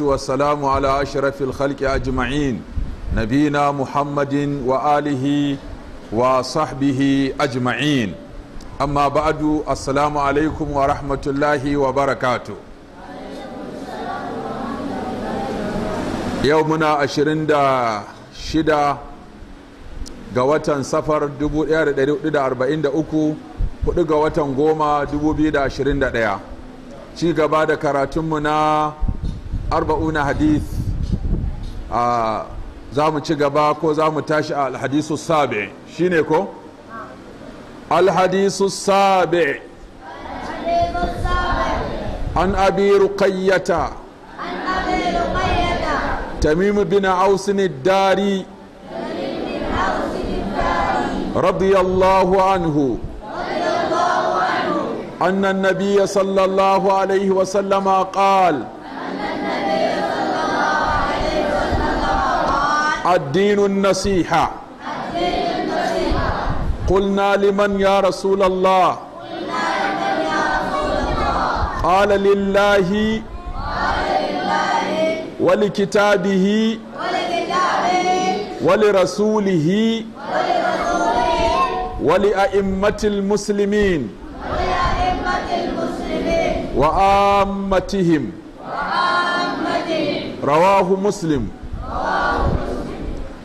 والسلام على أشرف الخلق أجمعين نبينا محمد وآله وصحبه أجمعين أما بعد السلام عليكم ورحمة الله وبركاته يومنا أشرين دا شدا قوة سفر دبو دا أربعين دا أكو قوة قوة قوما دبو بيدا أشرين دا دا ci gaba da karatunmu na arba'una hadith a za mu ci gaba ko za mu tashi a alhadisu sabi shi ne ko? alhadisu sabi an abi ruqayyata تميم بن عوس الداري رضي الله عنه أن النبي صلى الله عليه وسلم قال الدين النصيحة قلنا لمن يا رسول الله قال لله ولكتابه ولرسوله ولأئمة المسلمين وآمتهم رواه مسلم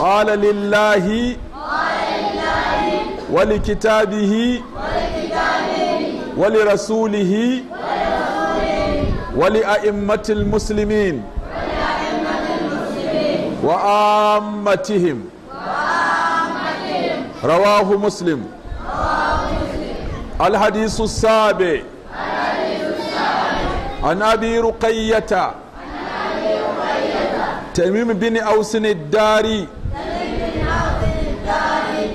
قال لله ولكتابه ولرسوله ولأئمة المسلمين وآمتهم رواه مسلم الحديث السابع عن أبي رقية تميم بن أوس الداري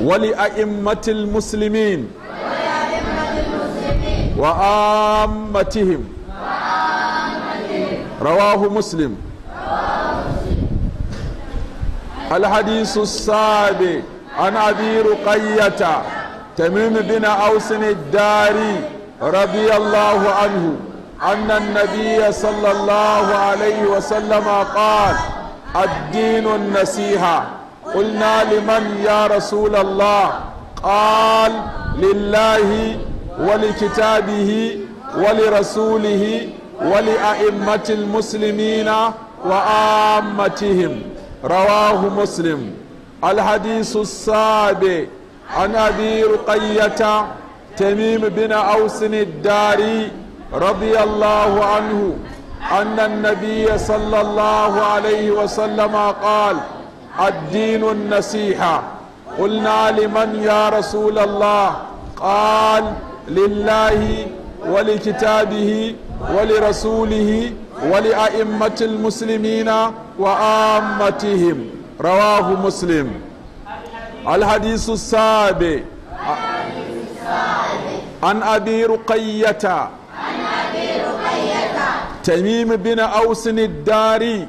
ولأئمة المسلمين وآمتهم رواه مسلم الحديث السابع عن أبي رقية تميم بن أوس الداري رضي الله عنه أن النبي صلى الله عليه وسلم قال الدين النسيحه قلنا لمن يا رسول الله قال لله ولكتابه ولرسوله ولأئمة المسلمين وآمتهم رواه مسلم الحديث السابع عن أبي رقية تميم بن أوس الداري رضي الله عنه أن النبي صلى الله عليه وسلم قال الدين النصيحة قلنا لمن يا رسول الله قال لله ولكتابه ولرسوله ولأئمة المسلمين وآمتهم رواه مسلم الحديث السابع عن أبي رقية تميم بن أوس الداري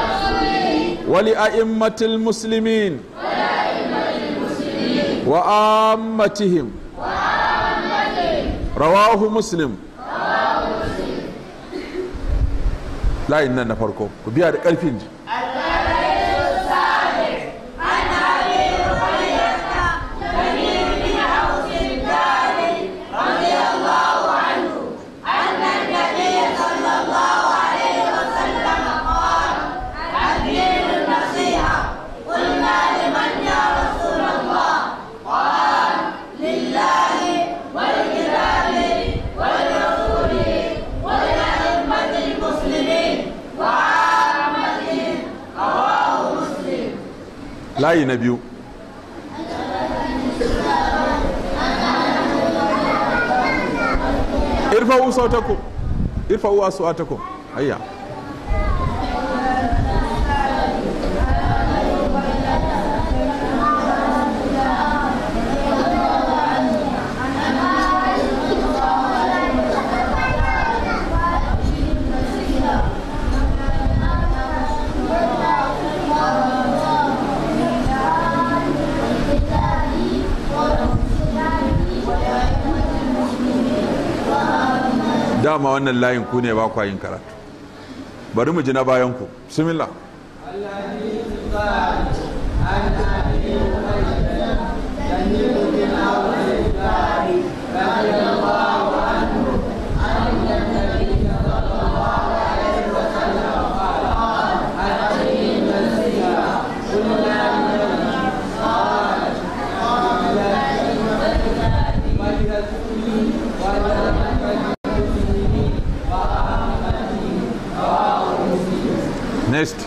ولأئمة المسلمين وآمتهم رواه مسلم لا إننا فرقه بيار الفنج layi na biyu irfa'u sautakum irfa'u aswatakum ayya dama wannan layin ku ne ba kwayin karatu bari mu ji na bayan ku bismillah ist.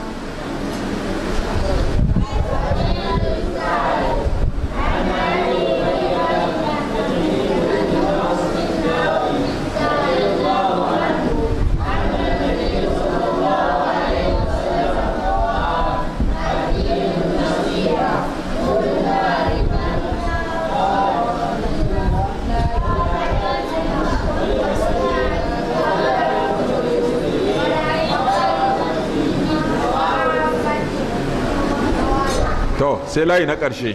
sai layi na ƙarshe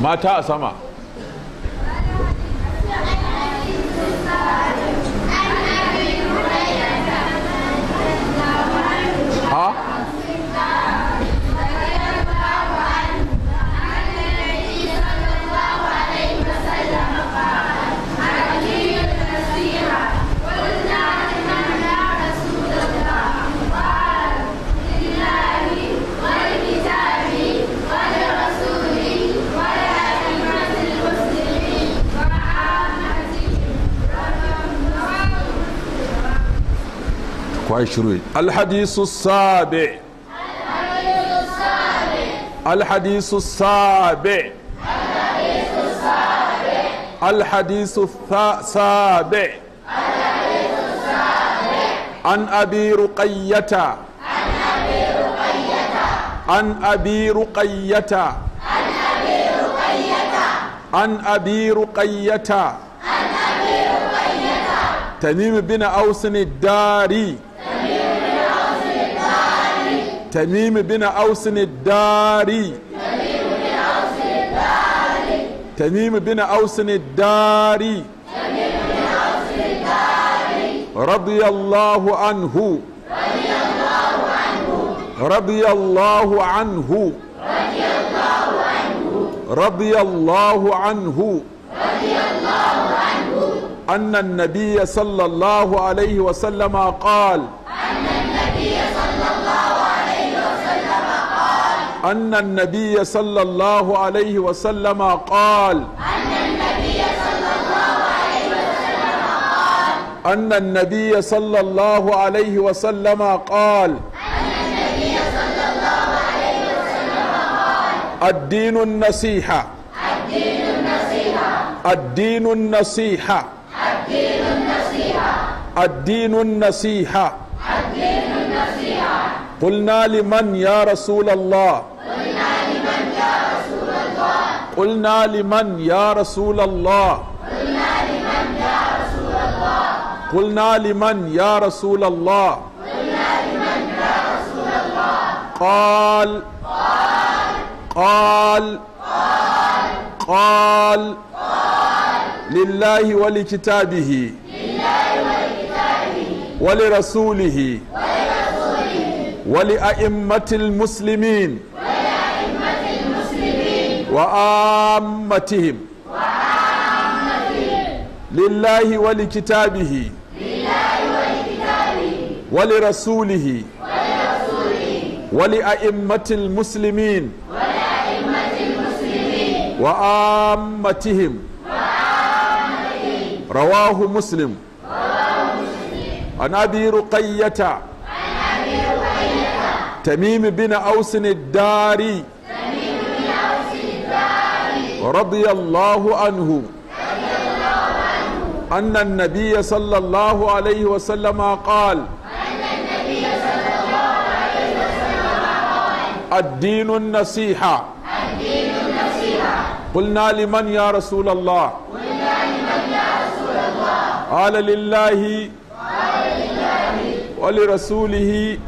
mata a sama وعشرين الحديث السابع الحديث السابع الحديث السابع الحديث السابع الحديث السابع عن أبي رقية عن أبي رقية عن أبي رقية تميم بن أوس الداري تميم بن أوس الداري تميم بن أوس الداري رضي الله عنه رضي الله عنه رضي الله عنه رضي الله عنه أن النبي صلى الله عليه وسلم قال أن النبي صلى الله عليه وسلم قال أن النبي صلى الله عليه وسلم قال أن النبي صلى الله عليه وسلم قال الدين النصيحة الدين النصيحة الدين النصيحة الدين النصيحة الدين النصيحة الدين النصيحة قلنا لمن يا رسول الله قلنا لمن يا رسول الله قلنا لمن يا رسول الله قلنا لمن يا رسول الله قلنا لمن يا رسول الله قال قال قال قال لله ولكتابه ولرسوله ولرسوله ولأئمة المسلمين وعامتهم لله ولكتابه ولرسوله ولأئمة المسلمين وعامتهم رواه مسلم عن أبي رقية تميم بن أوس الداري رضي الله عنه أن النبي صلى الله عليه وسلم قال الدين النصيحة الدين النصيحة قلنا لمن يا رسول الله قلنا لمن يا رسول الله قال لله ولرسوله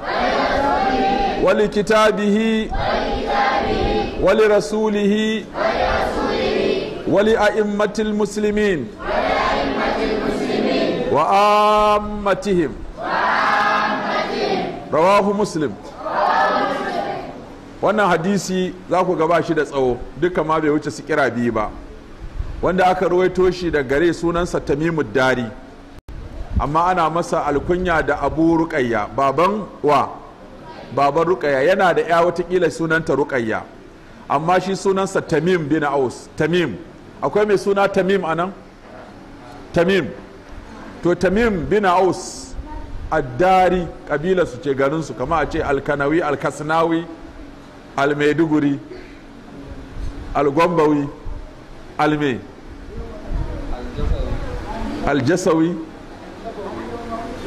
ولكتابه ولرسوله ولرسوله ولأئمة المسلمين وآمتهم رواه مسلم wannan hadisi za ku gaba shi da tsawo duka ma bai wuce su kira biyu ba wanda aka ruwaito shi da gare sunansa tamimu dari amma ana masa alkunya da abu rukayya baban wa baban rukayya yana da ya watakila sunanta rukayya amma shi sunansa tamim bin aus tamim akwai mai suna tamim a nan tamim to tamim bin aus addari kabila su ce garinsu kama a ce alkanawi alkasnawi almaiduguri algombawi alme aljasawi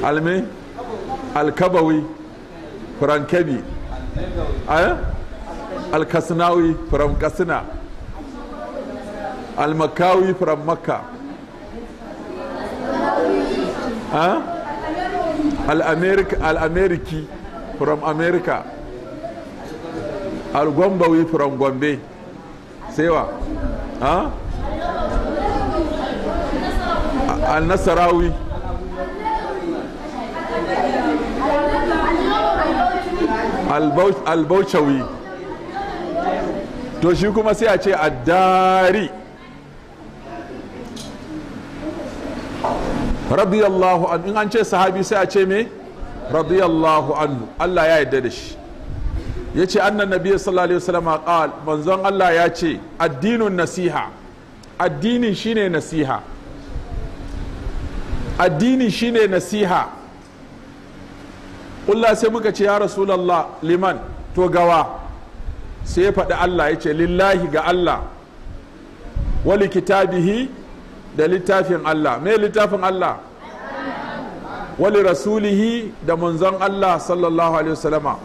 alme alkabawi frankabi eh? alkasnawi frankasna المكاوي from Makkah. Al America from America. Al from Gombe. Sewa. Nasarawi. To shi kuma sai a ce a dari. radiyallahu an in an ce sahabi sai a ce me radiyallahu anhu Allah ya yarda da shi ya ce annan nabi sallallahu alaihi wasallam qal manzon Allah ya ce addinun nasiha addinin shine nasiha addini shine nasiha Allah sai muka ce ya rasulallah liman to gawa sai ya faɗi Allah ya ce lillahi ga Allah wali kitabihi da littafin Allah me littafin Allah wali rasulihi da manzon Allah sallallahu alaihi wasallama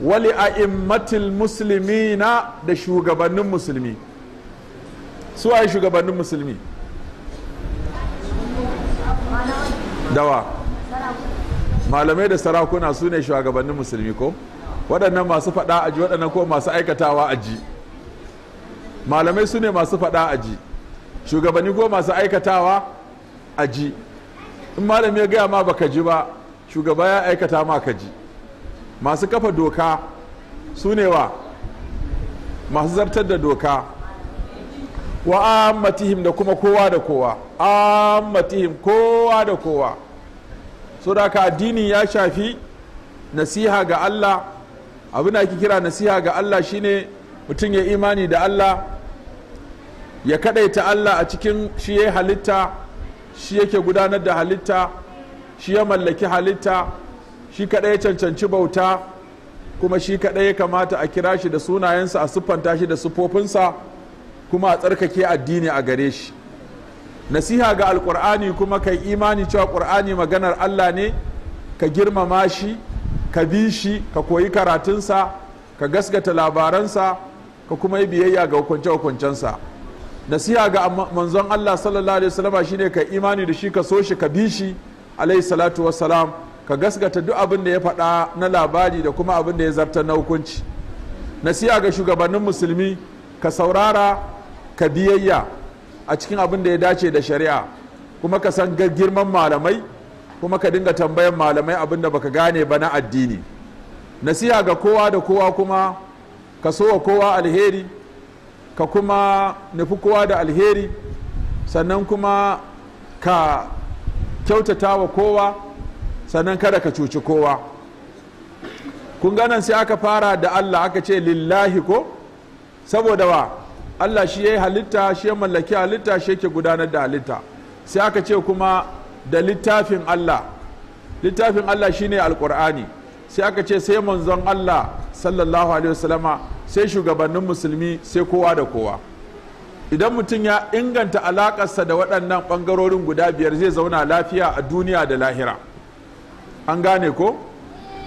wali a'immatil muslimina da shugabannin musulmi su ai shugabannin musulmi dawa malamai da sarakuna su ne shugabannin musulmi ko waɗannan masu faɗa aji waɗannan ko masu aikatawa aji malamai su ne masu faɗa aji shugabanni ko masu aikatawa a ji in malami ya gaya ma baka ji ba shugaba ya aikata ma ka ji masu kafa doka su ne wa masu zartar da doka wa ammatihim da kuma kowa da kowa ammatihim kowa da kowa so da addini ya shafi nasiha ga Allah abin da ake kira nasiha ga Allah shine mutum ya imani da Allah ya kadaita Allah a cikin shi ya halitta shi yake gudanar da halitta shi ya mallaki halitta shi kadai ya cancanci bauta kuma shi kaɗai ya kamata a kira shi da sunayensa a siffanta shi da siffofinsa kuma a tsarkake addini a gare shi nasiha ga alkur'ani kuma kai imani cewa ƙur'ani maganar Allah ne ka girmama shi ka bi shi ka koyi karatunsa ka gasgata labaransa ka kuma yi biyayya ga hukunce-hukuncensa nasiha ga manzon Allah sallallahu alaihi wasallam shine ka imani da shi ka so shi ka bi shi alaihi salatu wassalam ka gaskata duk abin da ya faɗa na labari da kuma abin da ya zarta na hukunci nasiha ga shugabannin musulmi ka saurara ka biyayya a cikin abin da ya dace da shari'a kuma ka san girman malamai kuma ka dinga tambayan malamai abin da baka gane ba na addini nasiha ga kowa da kowa kuma ka so wa kowa alheri ka kuma nufi kowa da alheri sannan kuma ka kyautata wa kowa sannan kada ka cuci kowa kun ganan sai aka fara da allah aka ce lillahi ko saboda wa allah shi ya yi halitta shi ya mallaki halitta shi yake gudanar da halitta sai aka ce kuma da littafin allah littafin allah shine alkur'ani sai aka ce sai manzon allah sallallahu alaihi wasallama sai shugabannin musulmi sai kowa da kowa idan mutum ya inganta alakarsa da waɗannan ɓangarorin guda biyar zai zauna lafiya a duniya da lahira an gane ko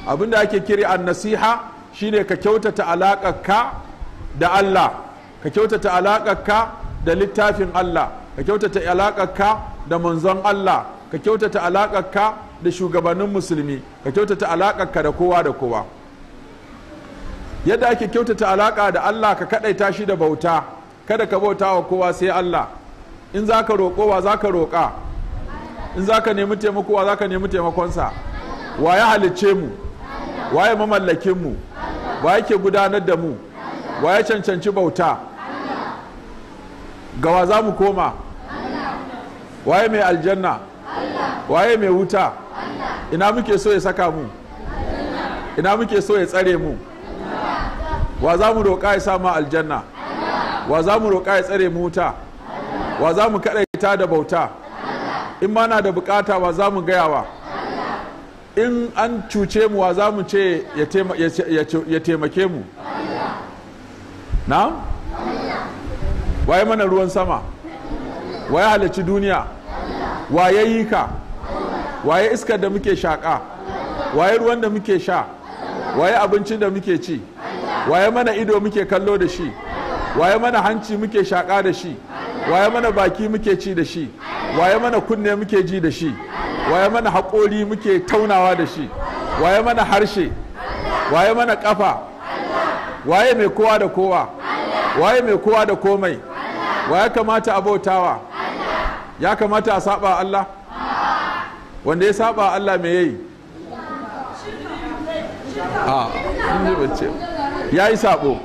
abinda ake kiri an nasiha shine ka kyautata alakarka da allah ka kyautata alakarka da littafin allah ka kyautata alakarka da manzon allah ka kyautata alakarka da shugabannin musulmi ka kyautata alakarka da kowa da kowa yadda ake kyautata alaka da Allah ka kadaita shi da bauta kada ka bauta wa kowa sai Allah in za ka roƙo wa za ka roƙa in za ka nemi taimako wa za ka nemi taimakonsa wa ya halicce mu wa ya mamallakin mu wa yake gudanar da mu wa ya cancanci bauta ga wa za mu koma Wa ya mai aljanna Wa ya mai wuta ina muke so ya saka mu ina muke so ya tsare mu wa za mu roƙa ya sama aljanna wa za mu roƙa ya tsare mu wuta wa za mu kaɗaita da bauta in ma na da bukata wa za mu gayawa in an cuce mu wa za mu ce ya taimake mu na? waye mana ruwan sama waye halarci duniya waye yi ka waye iskar da muke shaƙa waye ruwan da muke sha waye abincin da muke ci waye mana ido muke kallo da shi waye mana hanci muke shaƙa da shi waye mana baki muke ci da shi waye mana kunne muke ji da shi waye mana haƙori muke taunawa da shi waye mana harshe waye mana ƙafa waye mai kowa da kowa waye mai kowa da komai waye kamata a bautawa ya kamata a saba Allah wanda ya saba Allah me yayi a ah, ya yi sabo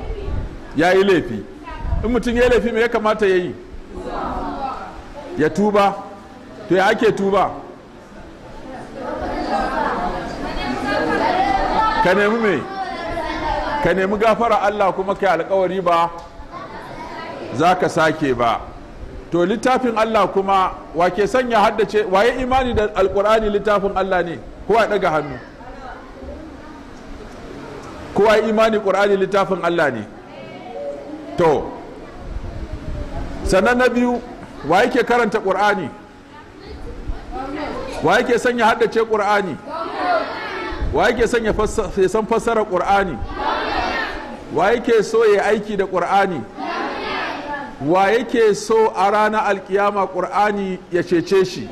ya yi laifi in mutum ya laifi me ya kamata ya yi ya tuba to ya ake tuba ka nemi me ka nemi gafara allah kuma ka alkawari ba za ka sake ba to littafin allah kuma wa ke sanya haddace waye imani da alkur'ani littafin allah ne ko a daga hannu kowa imani ƙur'ani littafin Allah ne to sannan na biyu wa yake karanta ƙur'ani wa yake sanya haddace ƙur'ani wa yake sanya san fassara ƙur'ani wa yake so ya aiki da ƙur'ani wa yake so a ranar alkiyama ƙur'ani ya cece shi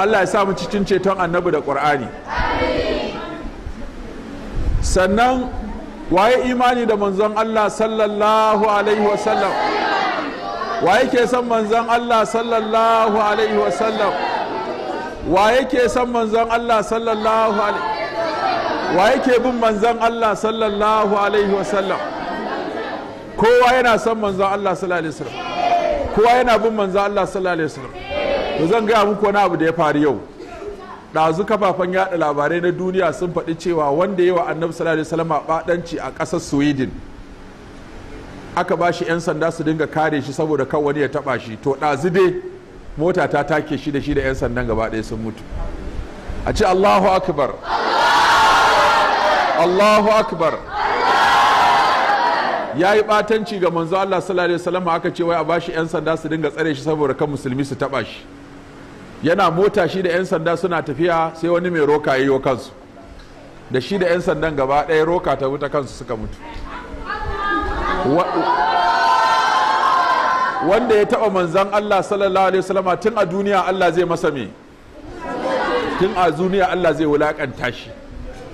Allah ya sa mu cikin ceton annabi da ƙwar'ani sannan waye imani da manzon Allah sallallahu alaihi wasallam waye ke son manzon Allah sallallahu alaihi wasallam waye ke son manzon Allah sallallahu alaihi waye ke bin manzon Allah sallallahu alaihi wasallam kowa yana son manzon Allah sallallahu alaihi wasallam kowa yana bin manzon Allah sallallahu alaihi wasallam to zan gaya muku wani abu da ya faru yau ɗazu kafafen yada labarai na duniya sun faɗi cewa wanda yawa annabi sallallahu alaihi wasallam baɗanci a ƙasar sweden aka ba shi 'yan sanda su dinga kare shi saboda kan wani ya taɓa shi to ɗazu dai mota ta take shi da shi da 'yan sandan gaba ɗaya sun mutu a ce allahu akbar allahu akbar ya yi batanci ga manzo allah sallallahu alaihi wasallam aka ce wai a ba shi 'yan sanda su dinga tsare shi saboda kan musulmi su taɓa shi yana mota shi da 'yan sanda suna tafiya sai wani mai roka ya yi kansu da shi da 'yan sandan gaba ɗaya roka ta wuta kansu suka mutu wanda ya taɓa manzan Allah sallallahu alaihi wasallama tun a duniya Allah zai masa me tun a duniya Allah zai wulakanta shi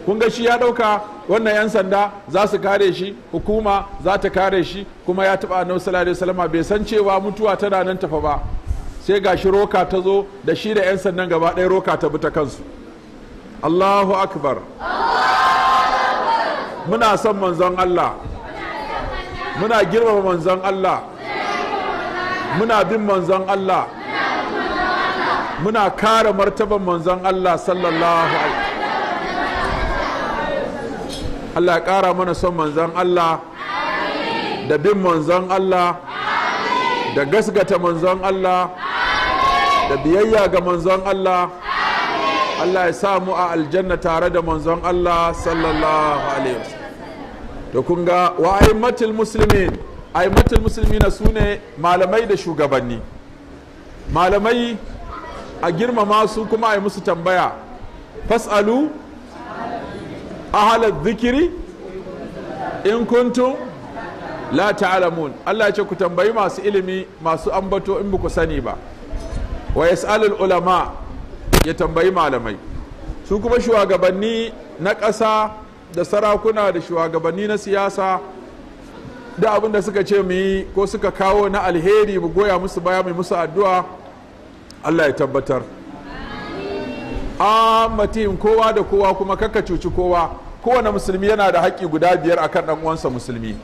kun ga shi ya ɗauka wannan 'yan sanda za su kare shi hukuma za ta kare shi kuma ya taɓa annabi sallallahu alaihi salama bai san cewa mutuwa tana nan tafa ba sai gashi roka ta zo da shi da 'yan sannan gaba ɗaya roka ta bi ta kansu allahu akbar muna son manzon allah muna girmama manzon allah muna bin manzon allah muna kare martaban manzon allah sallallahu alaihi allah ya kara mana son manzon allah da bin manzon allah da gasgata manzon allah da biyayya ga manzon Allah Allah ya sa mu a aljanna tare da manzon Allah sallallahu alaihi wasallam to kun ga wa aimatul muslimin aimatul muslimin sune malamai da shugabanni malamai a girmama su kuma a yi musu tambaya fasalu ahalar zikiri in kuntum la ta'lamun Allah ya ce ku tambayi masu ilimi masu ambato in ba ku sani ba wa yas'alul ulama ya tambayi malamai su kuma shugabanni na ƙasa da sarakuna da shugabanni na siyasa da abin da suka ce mu yi ko suka kawo na alheri mu goya musu baya mai musu addu'a Allah ya tabbatar matin kowa da kowa kuma kakka cuci kowa kowane musulmi yana da haƙƙi guda biyar akan ɗan uwansa musulmi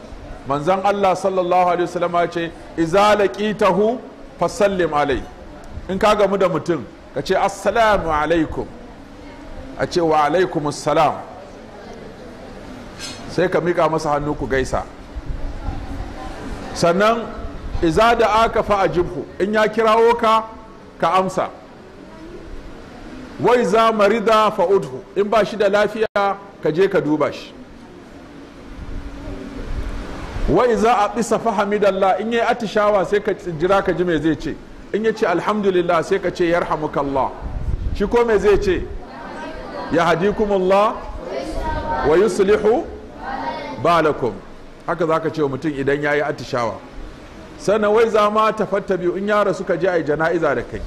manzon Allah sallallahu alaihi wasallam ya ce idza laqitahu fasallim alai in ka gamu da mutum ka ce assalamu alaikum a ce wa alaikum assalam sai ka miƙa masa hannu ku gaisa sannan iza da aka fa ajibhu in ya kirawo ka ka amsa wai za marida fa'udhu in ba shi da lafiya ka je ka duba shi wai za a bisa fahamidallah in yi atishawa sai ka jira ka ji mai zai ce in ya ce alhamdulillah sai ka ce yarhamukallah shi ko me zai ce ya hadikumullah wa yuslihu balakum haka zaka ce wa mutum idan ya yi atishawa sannan wai za ma tafatta biyu in yara suka je a yi jana'iza da kai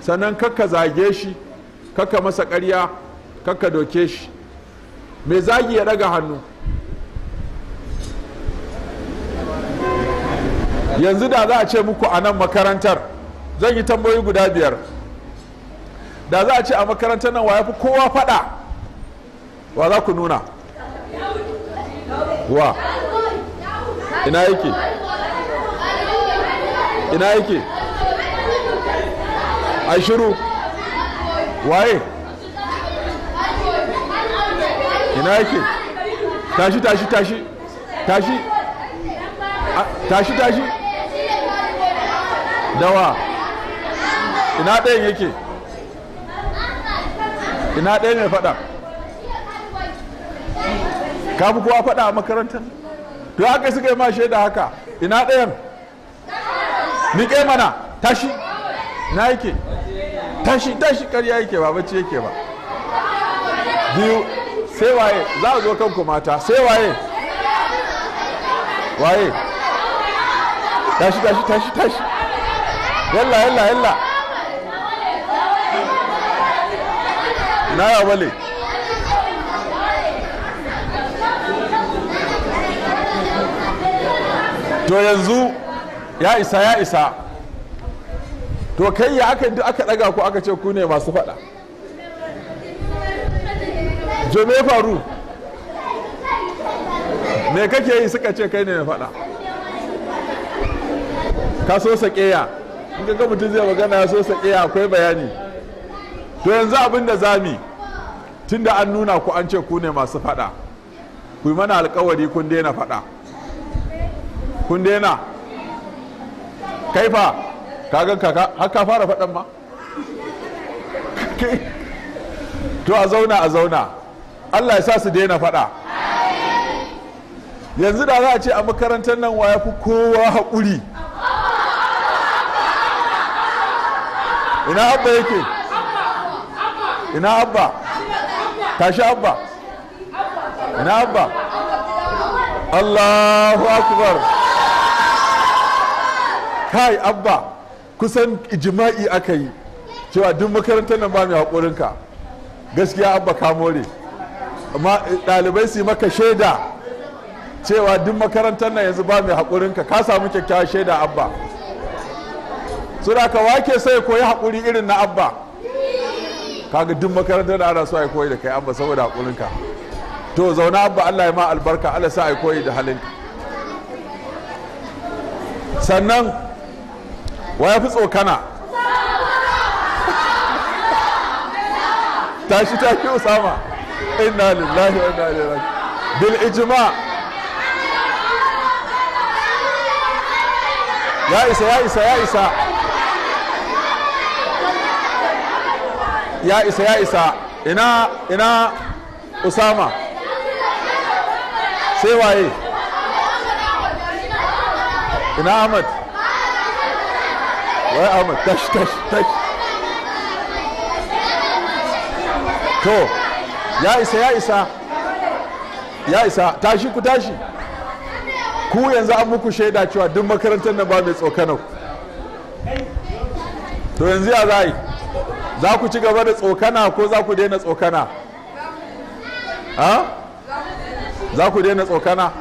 sannan kakka zage shi kakka masa ƙarya kakka doke shi mai zagi ya daga hannu yanzu da za a ce muku a nan makarantar zan yi tambayoyi guda biyar da za a ce a makarantar nan wa ya fi kowa faɗa wa za ku nuna wa ina yake ina yake a shiru waye ina yake tashi tashi tashi tashi tashi tashi dawa ina ɗayan yake ina ɗayan mai faɗa ka fi kowa faɗa a makarantar to haka suka yi ma shaida haka ina ɗayan miƙe mana tashi na yake tashi tashi karya yake ba bacci yake ba biyu sai waye za a zo kanku mata sai waye waye tashi tashi tashi tashi yalla yalla yalla na ya wale to yanzu ya isa ya isa to kai ya aka aka daga ku aka ce ku ne masu fada to me faru me kake yi suka ce kai ne mai fada ka so in ga mutum zai magana so sake akwai bayani to yanzu abin da zami tun da an nuna ku an ce ku ne masu faɗa ku yi mana alkawari kun daina faɗa kun daina kaifa kagan kaka har ka fara faɗan ma to a zauna a zauna allah ya sa su daina faɗa yanzu da za a ce a makarantar nan wa ya fi kowa haƙuri ina abba yake ina abba tashi abba ina abba allahu akbar kai abba kusan jima'i aka yi cewa duk makarantar nan ba mai haƙurinka gaskiya abba ka more amma ɗalibai su yi maka shaida cewa duk makarantar nan yanzu ba mai haƙurinka ka samu kyakkyawar shaida abba su da ka wake sai koyi haƙuri irin na abba kaga duk makarantar da ana so ai koyi da kai abba saboda haƙurinka to zauna abba Allah ya ma albarka Allah sa ai koyi da halin sannan wa ya fi tsokana tashi fi usama inna lillahi wa inna ilaihi bil ijma ya isa ya isa ya isa ya isa ya isa ina ina usama sai waye ina ahmad wai ahmad tash tash tash to ya isa ya isa ya isa tashi ku tashi ku yanzu an muku shaida cewa duk makarantar nan ba mai tsokanar to yanzu ya za yi za ku ci gaba da tsokana ko za ku daina tsokana za ku daina tsokana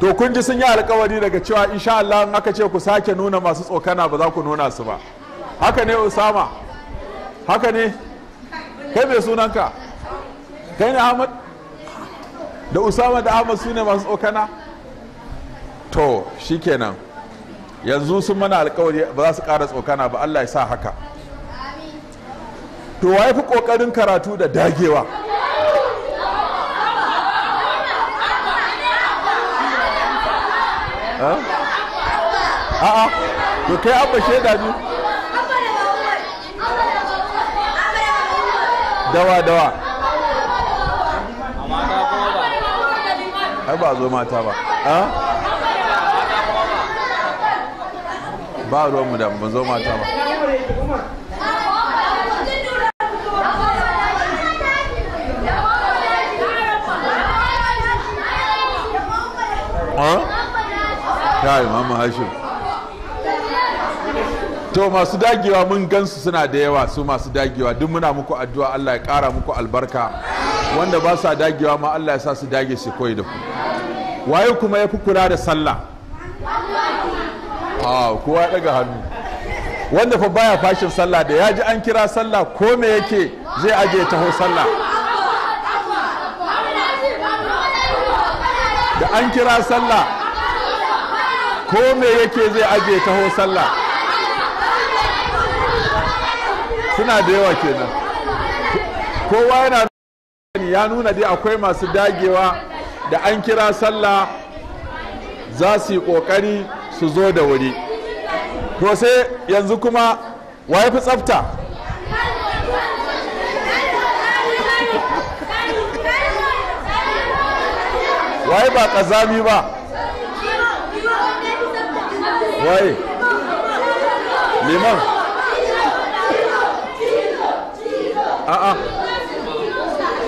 to kun ji sun yi alkawari daga cewa insha Allah in aka ce ku sake nuna masu tsokana ba za ku nuna su ba haka ne usama haka ne kai mai sunanka kai ne ahmad da usama da ahmad su ne masu tsokana to shikenan yanzu sun mana alkawari ba za su ƙara tsokana ba allah ya sa haka to waye fi kokarin karatu da dagewa a'a to kai abba shaida ni. dawa dawa ai ba zo mata ba ba mu da ba zo mata ba kai hashim to masu dagewa mun gansu suna da yawa su masu dagewa duk muna muku addu'a Allah ya kara muku albarka wanda ba sa dagewa ma Allah ya sa su dage su koyi da ku waye kuma ya fi kula da sallah a kowa daga hannu wanda fa baya fashin sallah da ya ji an kira sallah ko me yake zai aje taho sallah an kira sallah ko me yake zai aje taho sallah suna da yawa kenan kowa yana ya nuna dai akwai masu dagewa da an kira sallah za su yi ƙoƙari su zo da wuri to sai yanzu kuma wa ya fi tsafta waye ba kazami ba waye liman a'a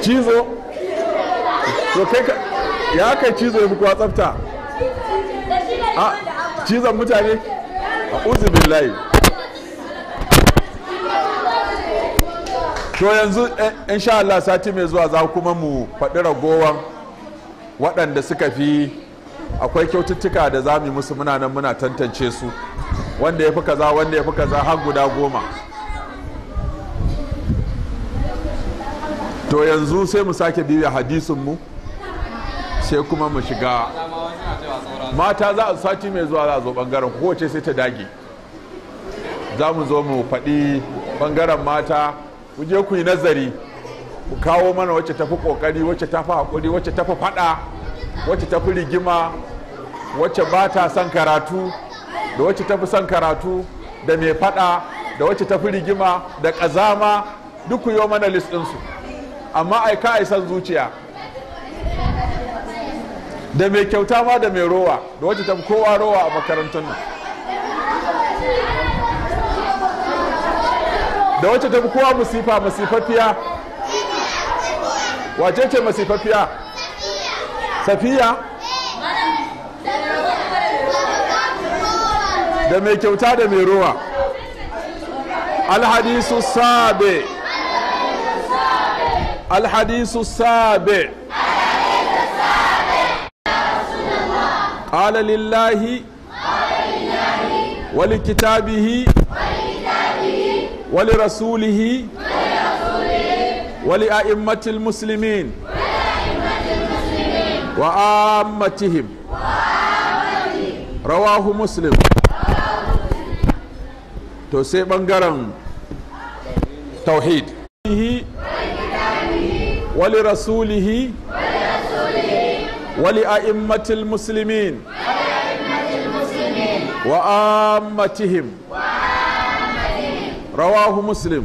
cizo to kai ya kai cizo ya kuwa tsafta a cizon mutane a uzubin layi to yanzu eh, sha Allah sati mai zuwa za kuma mu faɗi ragowar waɗanda suka fi akwai kyaututtuka da za mu musu muna nan muna tantance su wanda ya fi kaza wanda ya fi kaza har guda goma to yanzu sai mu sake bibiya mu sai kuma mu shiga mata za a sati mai zuwa za a zo bangaren kowace sai ta dage za mu zo mu faɗi bangaren mata ku je ku yi nazari ku kawo mana wacce fi kokari wacce fi hakuri wacce fi fada wacce fi rigima wacce ba ta son karatu da wacce fi son karatu da mai fada da wacce fi rigima da kazama duk ku yi mana list ɗinsu amma ai ka ai san zuciya da mai kyauta ma da mai rowa da wacce fi kowa rowa a makarantun nan da wacce fi kowa musifa musifafiya wace ce masifaffiya safiya da mai kyauta da mai ruwa alhadisu sabe alhadisu sabe قال لله ولكتابه ولرسوله ولأئمة المسلمين وآمتهم رواه مسلم توسي بنغرم توحيد ولرسوله ولأئمة المسلمين وآمتهم رواه مسلم